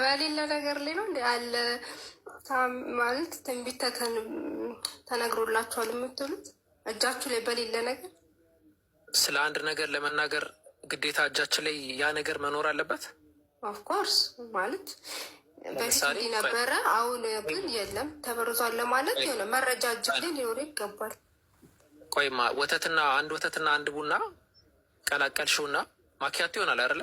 በሌላ ነገር ላይ ነው አለ ማለት ትንቢት ተነግሮላቸዋል የምትሉት እጃችሁ ላይ በሌለ ነገር ስለ አንድ ነገር ለመናገር ግዴታ እጃችን ላይ ያ ነገር መኖር አለበት። ኦፍኮርስ ማለት በፊት ነበረ፣ አሁን ግን የለም ተበርዟል ለማለት የሆነ መረጃ እጅ ላይ ሊኖር ይገባል። ቆይማ ወተትና አንድ ወተትና አንድ ቡና ቀላቀልሽውና ማኪያቱ ይሆናል አይደለ?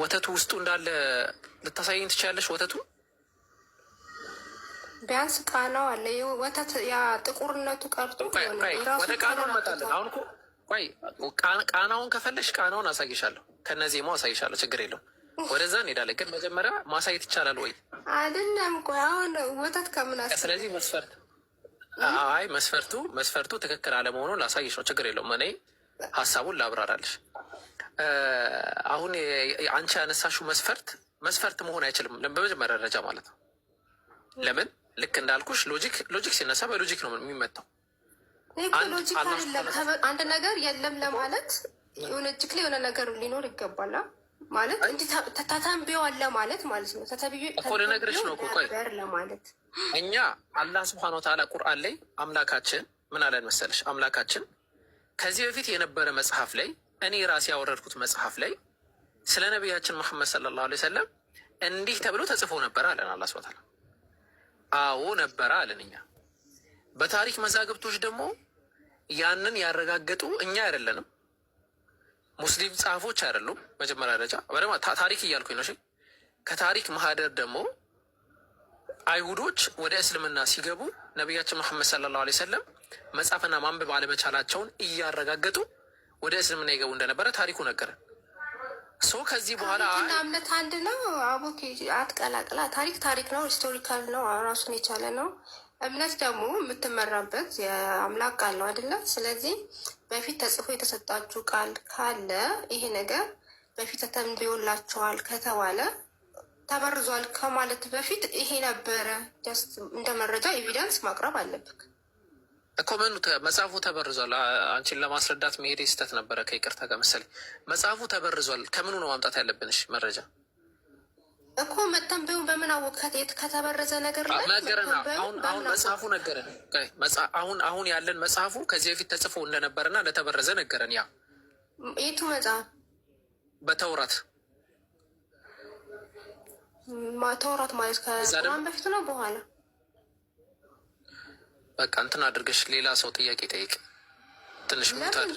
ወተቱ ውስጡ እንዳለ ልታሳየኝ ትችላለች። ወተቱ ቢያንስ ቃናው አለ። ወተት ያ ጥቁርነቱ ቀርቶ ወደ ቃናው እንመጣለን። አሁን ቆይ ቃናውን ከፈለሽ ቃናውን አሳይሻለሁ፣ ከነዚህ ማ አሳይሻለሁ። ችግር የለው፣ ወደዛ እንሄዳለን። ግን መጀመሪያ ማሳየት ይቻላል ወይ አይደለም? ቆይ አሁን ወተት ከምናስ ስለዚህ መስፈርት አይ መስፈርቱ መስፈርቱ ትክክል አለመሆኑን ላሳይሽ ነው። ችግር የለውም እኔ ሀሳቡን ላብራራልሽ። አሁን አንቺ ያነሳሽው መስፈርት መስፈርት መሆን አይችልም፣ በመጀመሪያ ደረጃ ማለት ነው። ለምን ልክ እንዳልኩሽ ሎጂክ ሎጂክ ሲነሳ በሎጂክ ነው የሚመጣው። አንድ ነገር የለም ለማለት የሆነ እጅግ ላይ የሆነ ነገር ሊኖር ይገባል ማለት ተተንብዮ አለ ማለት ማለት ነው። ተተብዮ እኮ ልነግርሽ ነው። ቆይ ለማለት እኛ አላህ ስብሐነ ወተዓላ ቁርአን ላይ አምላካችን ምን አለን መሰለሽ አምላካችን ከዚህ በፊት የነበረ መጽሐፍ ላይ እኔ ራሴ ያወረድኩት መጽሐፍ ላይ ስለ ነቢያችን መሐመድ ሰለላሁ ዐለይሂ ወሰለም እንዲህ ተብሎ ተጽፎ ነበረ አለን። አላህ ሱብሓነሁ ወተዓላ አዎ ነበረ አለን። እኛ በታሪክ መዛግብቶች ደግሞ ያንን ያረጋገጡ እኛ አይደለንም፣ ሙስሊም ጸሐፎች አይደሉም። መጀመሪያ ደረጃ በደማ ታሪክ እያልኩኝ ነው። ከታሪክ ማህደር ደግሞ አይሁዶች ወደ እስልምና ሲገቡ ነቢያችን መሐመድ ሰለላሁ ዐለይሂ ወሰለም መጻፍና ማንበብ አለመቻላቸውን እያረጋገጡ ወደ እስልምና ይገቡ እንደነበረ ታሪኩ ነገር ሶ ከዚህ በኋላ እምነት አንድ ነው። አቦኬ አትቀላቅላ። ታሪክ ታሪክ ነው፣ ሂስቶሪካል ነው፣ ራሱን የቻለ ነው። እምነት ደግሞ የምትመራበት የአምላክ ቃል ነው አይደለ? ስለዚህ በፊት ተጽፎ የተሰጣችሁ ቃል ካለ ይሄ ነገር በፊት ተተንብዮላችኋል ከተባለ ተበርዟል ከማለት በፊት ይሄ ነበረ እንደ መረጃ ኤቪደንስ ማቅረብ አለብክ። እኮ ምኑ መጽሐፉ ተበርዟል። አንቺን ለማስረዳት መሄድ ስህተት ነበረ። ከይቅርታ ጋር መሰለኝ መጽሐፉ ተበርዟል። ከምኑ ነው ማምጣት ያለብንሽ መረጃ? እኮ መጣም ቢሆን በምን አወቅከት? ከተበረዘ ነገር ላይ ነገረን። አሁን መጽሐፉ ነገረን። አሁን አሁን ያለን መጽሐፉ ከዚህ በፊት ተጽፎ እንደነበረና እንደተበረዘ ነገረን። ያ የቱ መጽሐፍ? በተውራት ተውራት ማለት ከቁርአን በፊት ነው በኋላ በቃ እንትን አድርገሽ ሌላ ሰው ጥያቄ ጠይቅ። ትንሽ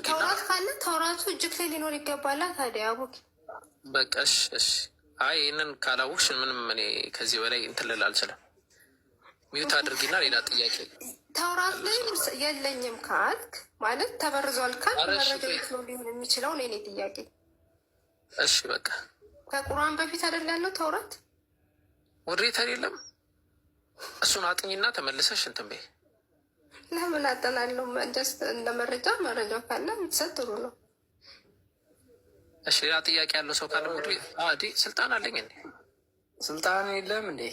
ተውራት ካለ ተውራቱ እጅግ ላይ ሊኖር ይገባላ። ታዲያ አቡክ በቃ እሺ፣ እሺ። አይ ይህንን ካላወቅሽ ምንም እኔ ከዚህ በላይ እንትን ልል አልችልም። ሚዩት አድርጊና ሌላ ጥያቄ ታውራት ላይ የለኝም ካልክ ማለት ተበርዟል ካል መረጃዎች ነው ሊሆን የሚችለው እኔ ጥያቄ። እሺ በቃ ከቁርአን በፊት አይደል ያለው ታውራት ውሬት አይደለም። እሱን አጥኝና ተመልሰሽ እንትን በይ። ለምን አጠናለው? ጀስት እንደ መረጃ መረጃው ካለ ሰጥ ጥሩ ነው። እሺ፣ ያ ጥያቄ ያለው ሰው ካለ ሙድ አዲ ስልጣን አለኝ እንዴ? ስልጣን የለም እንዴ?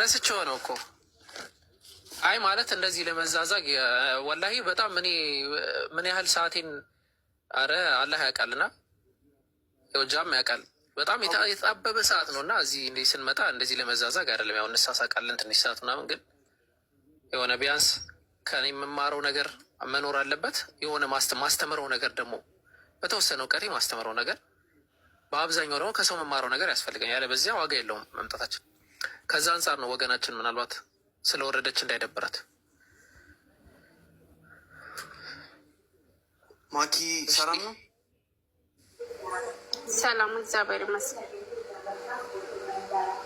ረስቼው ነው እኮ። አይ ማለት እንደዚህ ለመዛዛግ ወላሂ በጣም እኔ ምን ያህል ሰዓቴን አረ አላህ ያውቃልና ጃም ያውቃል። በጣም የተጣበበ ሰዓት ነው እና እዚህ እንደ ስንመጣ እንደዚህ ለመዛዛግ አይደለም። ያው እንሳሳቃለን ትንሽ ሰዓት ምናምን፣ ግን የሆነ ቢያንስ ከኔ የምማረው ነገር መኖር አለበት። የሆነ ማስተምረው ነገር ደግሞ በተወሰነው ቀሪ ማስተምረው ነገር በአብዛኛው ደግሞ ከሰው መማረው ነገር ያስፈልገኛል። ያለ በዚያ ዋጋ የለውም መምጣታችን። ከዛ አንጻር ነው ወገናችን ምናልባት ስለወረደች እንዳይደብራት። ማኪ ሰላም ነው። ሰላም እግዚአብሔር ይመስገን።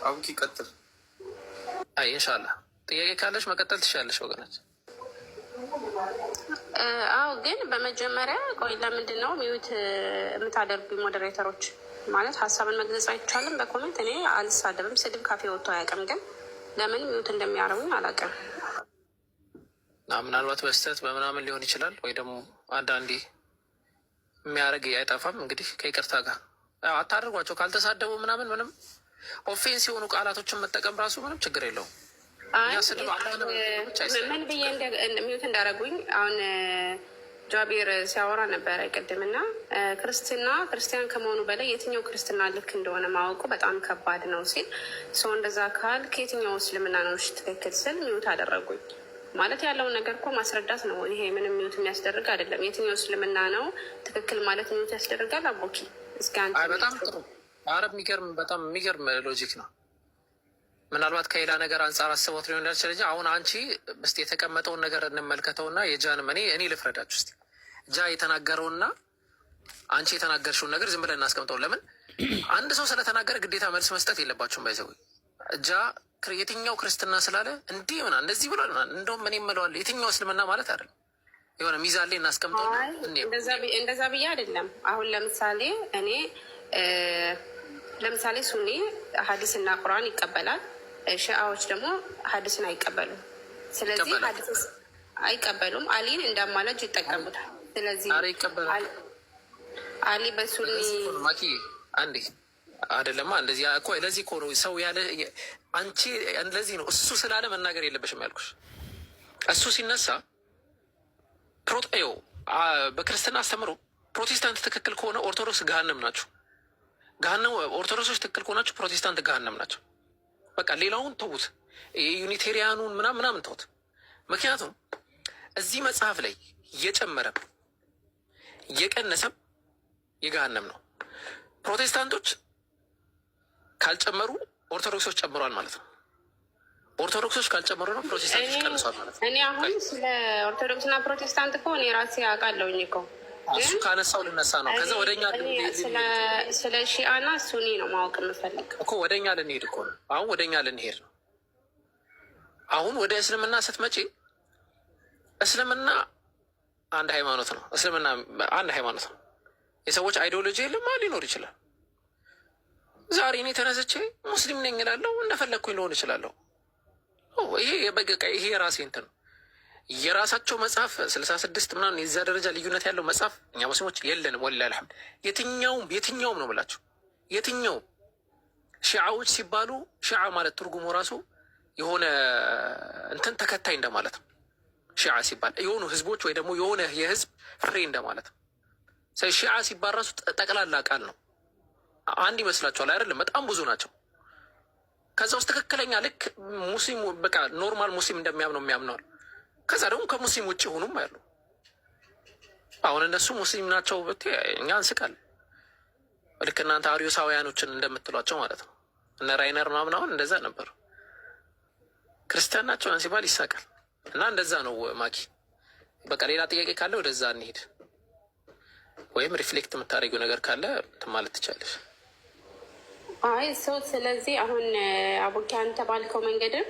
አቡኪ ቀጥል። አይ ኢንሻላህ ጥያቄ ካለሽ መቀጠል ትሻለሽ ወገናችን አዎ ግን በመጀመሪያ ቆይ፣ ለምንድን ነው ሚዩት የምታደርጉ ሞዴሬተሮች? ማለት ሀሳብን መግለጽ አይቻልም በኮሜንት። እኔ አልሳደብም፣ ስድብ ካፌ ወጥቶ አያውቅም። ግን ለምን ሚዩት እንደሚያደርጉኝ አላውቅም። ምናልባት በስተት በምናምን ሊሆን ይችላል፣ ወይ ደግሞ አንዳንዴ የሚያደርግ አይጠፋም። እንግዲህ ከይቅርታ ጋር አታደርጓቸው ካልተሳደቡ ምናምን ምንም ኦፌንስ የሆኑ ቃላቶችን መጠቀም ራሱ ምንም ችግር የለውም። ምን ብዬ ሚዩት እንዳደረጉኝ አሁን ጃቤር ሲያወራ ነበረ ቅድምና ክርስትና ክርስቲያን ከመሆኑ በላይ የትኛው ክርስትና ልክ እንደሆነ ማወቁ በጣም ከባድ ነው ሲል ሰው እንደዛ ካል ከየትኛው እስልምና ነው ትክክል ስል ሚዩት አደረጉኝ። ማለት ያለውን ነገር እኮ ማስረዳት ነው። ይሄ ምንም ሚዩት የሚያስደርግ አይደለም። የትኛው እስልምና ነው ትክክል ማለት ሚዩት ያስደርጋል? አቦኪ እስኪ አንተ በጣም ጥሩ አረብ የሚገርም በጣም የሚገርም ሎጂክ ነው። ምናልባት ከሌላ ነገር አንጻር አስቦት ሊሆን ይችላል። አሁን አንቺ ስ የተቀመጠውን ነገር እንመልከተውና የጃን መኔ እኔ ልፍረዳችሁ እስኪ ጃ የተናገረውና አንቺ የተናገርሽውን ነገር ዝም ብለን እናስቀምጠው። ለምን አንድ ሰው ስለተናገረ ግዴታ መልስ መስጠት የለባችሁም። ባይዘው ጃ የትኛው ክርስትና ስላለ እንዲህ ምና እንደዚህ ብሎ እንደውም እኔ እምለዋለሁ የትኛው እስልምና ማለት አይደለም። የሆነ ሚዛን ላይ እናስቀምጠው። እንደዛ ብዬ አይደለም። አሁን ለምሳሌ እኔ ለምሳሌ ሱኒ ሀዲስና ቁርአን ይቀበላል ሸአዎች ደግሞ ሀዲስን አይቀበሉም። ስለዚህ አይቀበሉም። አሊን እንዳማላጅ ይጠቀሙታል። ስለዚህ አሊ በሱኒ ማኪ አንዴ አይደለማ። እንደዚህ እኮ ለዚህ እኮ ነው ሰው ያለ አንቺ እንደዚህ ነው እሱ ስላለ መናገር የለበሽም ያልኩሽ። እሱ ሲነሳ ፕሮጣዮ በክርስትና አስተምሮ ፕሮቴስታንት ትክክል ከሆነ ኦርቶዶክስ ገሃነም ናቸው። ገሃነም ኦርቶዶክሶች ትክክል ከሆናቸው ፕሮቴስታንት ገሃነም ናቸው። በቃ ሌላውን ተዉት፣ ዩኒቴሪያኑን ምናምን ምናምን ተውት። ምክንያቱም እዚህ መጽሐፍ ላይ የጨመረም የቀነሰም የገሃነም ነው። ፕሮቴስታንቶች ካልጨመሩ ኦርቶዶክሶች ጨምሯል ማለት ነው። ኦርቶዶክሶች ካልጨመሩ ነው ፕሮቴስታንቶች ቀንሷል ማለት ነው። እኔ አሁን ስለ ኦርቶዶክስና ፕሮቴስታንት እኮ እኔ ራሴ አውቃለሁኝ እኮ እሱ ካነሳው ልነሳ ነው። ከዛ ወደኛ ስለ ሺአና ሱኒ ነው ማወቅ የምፈልግ እኮ ወደኛ ልንሄድ እኮ ነው። አሁን ወደኛ ልንሄድ ነው። አሁን ወደ እስልምና ስትመጪ እስልምና አንድ ሃይማኖት ነው። እስልምና አንድ ሃይማኖት ነው። የሰዎች አይዲዮሎጂ የለም ሊኖር ይችላል። ዛሬ እኔ ተነስቼ ሙስሊም ነኝ እላለሁ፣ እንደፈለግኩኝ ልሆን እችላለሁ። ይሄ የራሴ እንትን ነው የራሳቸው መጽሐፍ ስልሳ ስድስት ምናምን የዛ ደረጃ ልዩነት ያለው መጽሐፍ እኛ ሙስሊሞች የለንም። ወላ ልሐምድ የትኛውም የትኛውም ነው ብላቸው የትኛው ሺዓዎች ሲባሉ ሺዓ ማለት ትርጉሙ ራሱ የሆነ እንትን ተከታይ እንደማለት ነው። ሺዓ ሲባል የሆኑ ህዝቦች ወይ ደግሞ የሆነ የህዝብ ፍሬ እንደማለት ነው። ሺዓ ሲባል ራሱ ጠቅላላ ቃል ነው። አንድ ይመስላችኋል አይደለም? በጣም ብዙ ናቸው። ከዛ ውስጥ ትክክለኛ ልክ ሙስሊሙ በቃ ኖርማል ሙስሊም እንደሚያምነው የሚያምነዋል ከዛ ደግሞ ከሙስሊም ውጭ ሆኑም ያሉ አሁን እነሱ ሙስሊም ናቸው ብቴ እኛ እንስቃል። ልክ እናንተ አሪዮሳውያኖችን እንደምትሏቸው ማለት ነው። እነ ራይነር ምናምን አሁን እንደዛ ነበር። ክርስቲያን ናቸው ሲባል ይሳቃል። እና እንደዛ ነው ማኪ። በቃ ሌላ ጥያቄ ካለ ወደዛ እንሄድ፣ ወይም ሪፍሌክት የምታደርጊው ነገር ካለ ማለት ትቻለሽ። አይ ሰው ስለዚህ አሁን አቡኪ አንተ ባልከው መንገድም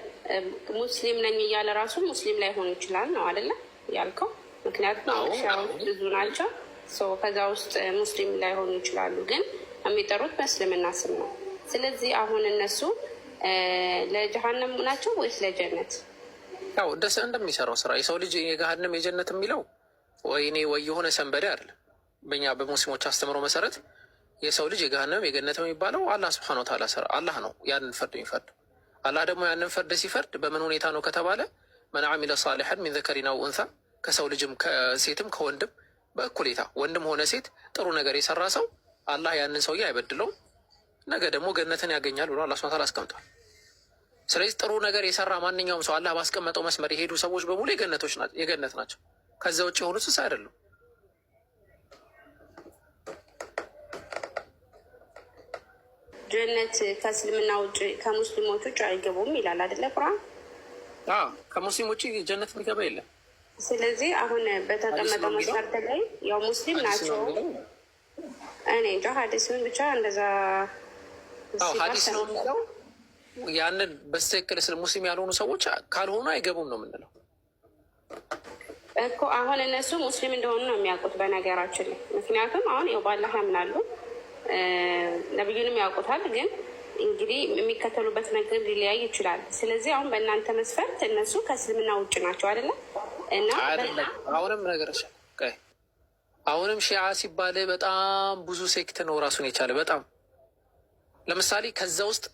ሙስሊም ነኝ እያለ ራሱ ሙስሊም ላይ ሆኑ ይችላል ነው አደለ ያልከው? ምክንያቱም ሻዎች ብዙ ናቸው። ሰው ከዛ ውስጥ ሙስሊም ላይ ሆኑ ይችላሉ፣ ግን የሚጠሩት በእስልምና ስም ነው። ስለዚህ አሁን እነሱ ለጀሃነም ናቸው ወይስ ለጀነት? ያው ደስ እንደሚሰራው ስራ የሰው ልጅ የገሀነም የጀነት የሚለው ወይኔ ወይ የሆነ ሰንበዴ አይደለም። በኛ በሙስሊሞች አስተምሮ መሰረት የሰው ልጅ የገሃነም የገነት የሚባለው አላህ ስብሐነሁ ወተዓላ ሰራ አላህ ነው ያንን ፍርድ የሚፈርድ አላህ ደግሞ ያንን ፈርድ ሲፈርድ በምን ሁኔታ ነው ከተባለ መን አሚለ ሳሊሐን ሚን ዘከሪን አው ኡንሳ ከሰው ልጅም ከሴትም ከወንድም በእኩሌታ ወንድም ሆነ ሴት ጥሩ ነገር የሰራ ሰው አላህ ያንን ሰውዬ አይበድለውም ነገ ደግሞ ገነትን ያገኛል ብሎ አላህ ስብሐነሁ ወተዓላ አስቀምጧል። ስለዚህ ጥሩ ነገር የሰራ ማንኛውም ሰው አላህ ባስቀመጠው መስመር የሄዱ ሰዎች በሙሉ የገነት ናቸው። ከዛ ውጭ የሆኑት እንስሳ አይደሉም። ጀነት ከእስልምና ውጭ ከሙስሊሞች ውጭ አይገቡም ይላል አደለ ቁርአን ከሙስሊም ውጭ ጀነት የሚገባ የለም። ስለዚህ አሁን በተቀመጠ መስፈርት ላይ ያው ሙስሊም ናቸው። እኔ እንጃ ሀዲስን ብቻ እንደዛ ሀዲስ ነው የሚለው ያንን በትክክል ስለ ሙስሊም ያልሆኑ ሰዎች ካልሆኑ አይገቡም ነው የምንለው እኮ። አሁን እነሱ ሙስሊም እንደሆኑ ነው የሚያውቁት በነገራችን ላይ ምክንያቱም አሁን ያው ባላህ ያምናሉ ነብዩንም ያውቁታል ግን እንግዲህ የሚከተሉበት ነገር ሊለያይ ይችላል። ስለዚህ አሁን በእናንተ መስፈርት እነሱ ከእስልምና ውጭ ናቸው አይደለም? እና አሁንም ነገር አሁንም ሺዓ ሲባል በጣም ብዙ ሴክት ነው ራሱን የቻለ በጣም ለምሳሌ ከዛ ውስጥ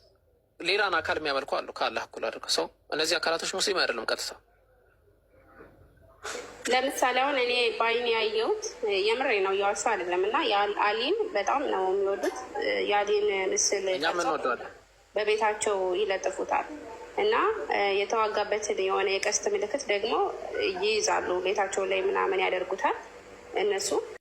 ሌላን አካል የሚያመልኩ አሉ ከአላህ እኩል አድርገው ሰው እነዚህ አካላቶች ሙስሊም አይደለም ቀጥታ ለምሳሌ አሁን እኔ በአይን ያየሁት የምሬ ነው፣ እያዋሳ አይደለም። እና አሊን በጣም ነው የሚወዱት። የአሊን ምስል በቤታቸው ይለጥፉታል እና የተዋጋበትን የሆነ የቀስት ምልክት ደግሞ ይይዛሉ ቤታቸው ላይ ምናምን ያደርጉታል እነሱ